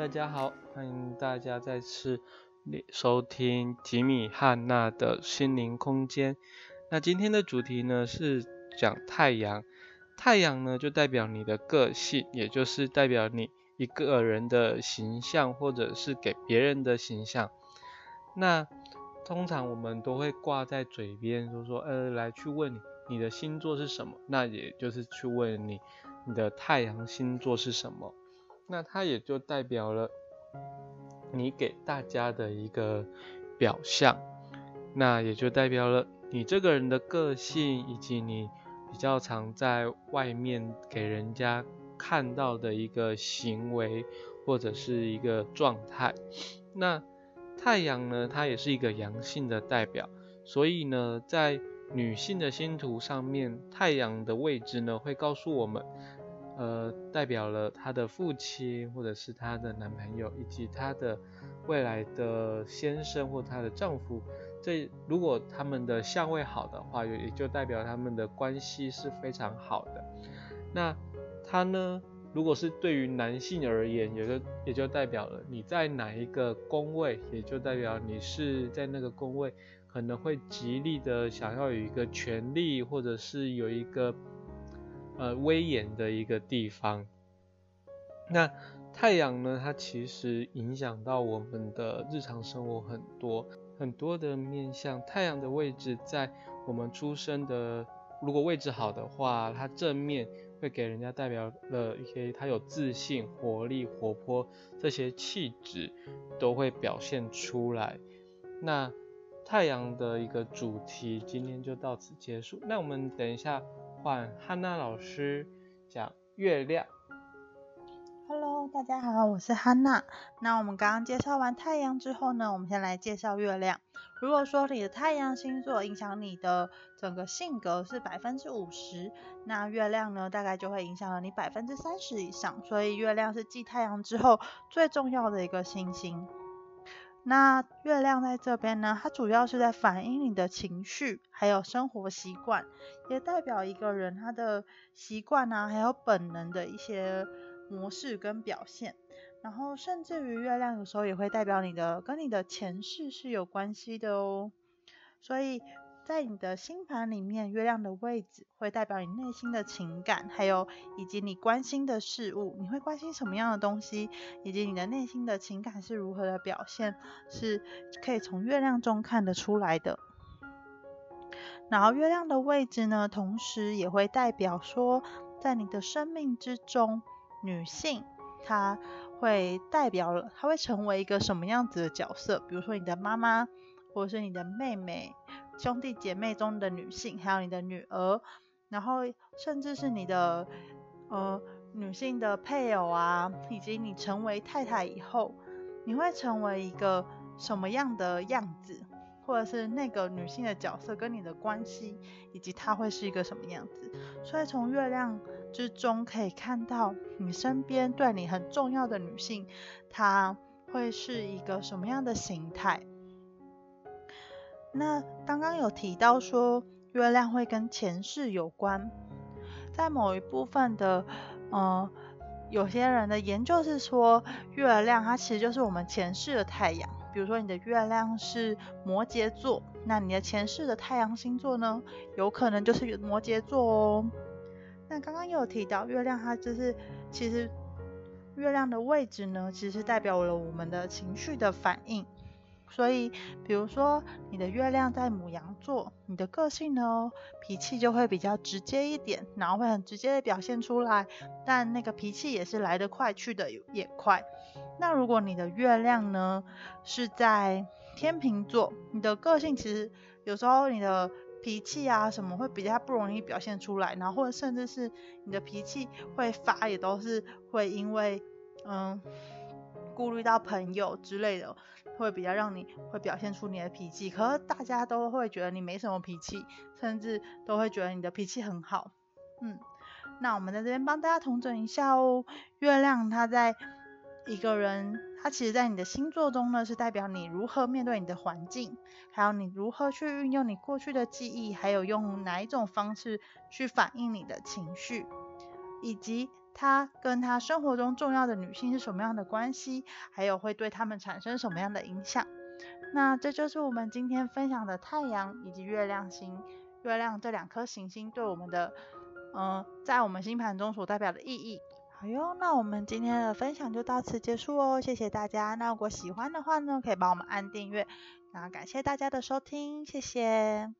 大家好，歡迎大家再次收聽吉米哈娜的心靈空間。那今天的主題呢是講太陽，太陽呢就代表你的個性，也就是代表你一個人的形象，或者是給別人的形象。那通常我們都會掛在嘴邊，就說呃來去問你，你的星座是什麼，那也就是去問你，你的太陽星座是什麼。那它也就代表了你給大家的一個表象，那也就代表了你這個人的個性，以及你比較常在外面給人家看到的一個行為或者是一個狀態。那太陽呢，它也是一個陽性的代表，所以呢，在女性的星圖上面，太陽的位置呢，會告訴我們。呃，代表了他的父親，或者是他的男朋友，以及他的未來的先生或他的丈夫。這如果他們的相位好的話，也也就代表他們的關係是非常好的。那他呢，如果是對於男性而言，也就也就代表了你在哪一個宮位，也就代表你是在那個宮位可能會極力的想要有一個權力，或者是有一個。呃，威嚴的一個地方。那太陽呢？它其實影響到我們的日常生活很多很多的面相。太陽的位置在我們出生的，如果位置好的話，它正面會給人家代表了一些，它有自信、活力、活潑這些氣質都會表現出來。那太陽的一個主題，今天就到此結束。那我們等一下換漢娜老師講月亮。Hello，大家好，我是漢娜。那我們剛剛介紹完太陽之後呢，我們先來介紹月亮。如果說你的太陽星座影響你的整個性格是百分之五十，那月亮呢，大概就會影響了你百分之三十以上。所以月亮是繼太陽之後最重要的一個星星。那月亮在這邊呢，它主要是在反映你的情緒，還有生活習慣，也代表一個人他的習慣吶、啊，還有本能的一些模式跟表現。然後，甚至於月亮有時候也會代表你的跟你的前世是有關係的哦。所以。在你的星盤裡面，月亮的位置會代表你內心的情感，還有以及你關心的事物。你會關心什麼樣的東西？以及你的內心的情感是如何的表現，是可以從月亮中看得出來的。然後月亮的位置呢，同時也會代表說，在你的生命之中，女性她會代表了，她會成為一個什麼樣子的角色，比如說你的媽媽，或者是你的妹妹。兄弟姐妹中的女性，還有你的女兒，然後甚至是你的呃女性的配偶啊，以及你成為太太以後，你會成為一個什麼樣的樣子，或者是那個女性的角色跟你的關係，以及她會是一個什麼樣子。所以從月亮之中可以看到你身邊對你很重要的女性，她會是一個什麼樣的形態。那剛剛有提到說月亮會跟前世有關，在某一部分的呃、嗯，有些人的研究是說月亮它其實就是我們前世的太陽，比如說你的月亮是摩羯座，那你的前世的太陽星座呢，有可能就是摩羯座哦。那剛剛又有提到月亮它就是其實月亮的位置呢，其實代表了我們的情緒的反應。所以，比如說你的月亮在牡羊座，你的個性呢，脾氣就會比較直接一點，然後會很直接的表現出來。但那個脾氣也是來得快去得也快。那如果你的月亮呢是在天秤座，你的個性其實有時候你的脾氣啊什麼會比較不容易表現出來，然後或者甚至是你的脾氣會發也都是會因為嗯。顧慮到朋友之類的，會比較讓你會表現出你的脾氣，可是大家都會覺得你沒什麼脾氣，甚至都會覺得你的脾氣很好。嗯，那我們在這邊幫大家統整一下哦。月亮它在一個人，它其實在你的星座中呢，是代表你如何面對你的環境，還有你如何去運用你過去的記憶，還有用哪一種方式去反映你的情緒，以及。他跟他生活中重要的女性是什麼樣的關係，還有會對他們產生什麼樣的影響？那這就是我們今天分享的太陽以及月亮星，月亮這兩顆行星對我們的，嗯、呃，在我們星盤中所代表的意義。好喲，那我們今天的分享就到此結束哦，謝謝大家。那如果喜歡的話呢，可以幫我們按訂閱，那感謝大家的收聽，謝謝。